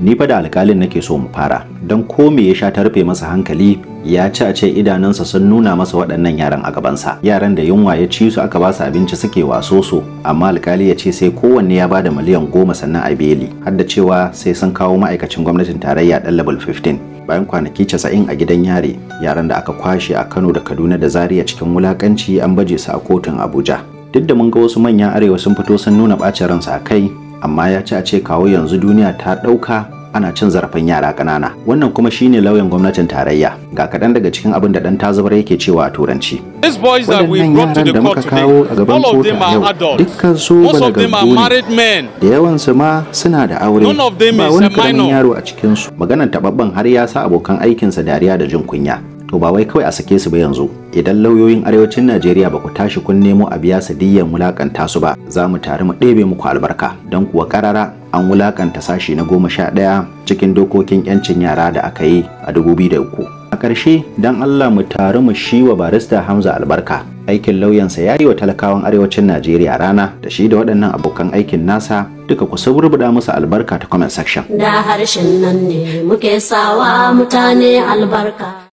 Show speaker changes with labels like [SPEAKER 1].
[SPEAKER 1] ni fa da alkalin nake so mu fara don ko me ya sha ta rufe masa hankali ya ci a ce idanunsa sun nuna masa waɗannan yaran a gabansa yaran da yunwa ya ci su aka ba su abinci suke waso su. amma alkali ya ce sai kowanne ya bada miliyan goma sannan a beli har da cewa sai sun kawo ma'aikacin gwamnatin tarayya ɗan level 15 bayan kwanaki casa'in a gidan yare yaran da aka kwashe a kano da kaduna da zaria cikin wulakanci an baje su a kotun abuja duk da mun ga wasu manyan arewa sun fito sun nuna ɓacin ransa a kai amma ya ce a ce kawo yanzu duniya ta ɗauka ana cin zarafin yara ƙanana wannan kuma shine lauyan gwamnatin tarayya ga kaɗan daga cikin abin da ɗan tazubar yake cewa a turanci waɗannan yaran da muka kawo a gaban kotu yau dukkan su balagaggu ne da yawansu ma suna da aure ba wani ƙaramin yaro a cikinsu maganar taɓaɓɓen har ya sa abokan aikinsa dariya da jin kunya to ba wai kawai a sake su ba yanzu idan lauyoyin arewacin najeriya ba ku tashi kun nemo a biya sadiyyan wulakanta su ba za mu tare mu ɗebe muku albarka don kuwa karara an wulakanta sashi na goma sha ɗaya cikin dokokin yancin yara da aka yi a dubu biyu da uku a ƙarshe don allah mu tare mu shi wa barista hamza albarka aikin lauyansa ya yi wa talakawan arewacin najeriya rana da shi da waɗannan abokan aikin nasa duka ku saburbuɗa musu albarka ta comment section da harshen nan ne muke sawa mutane albarka